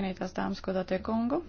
Cienītās dāmas, godātie kungu,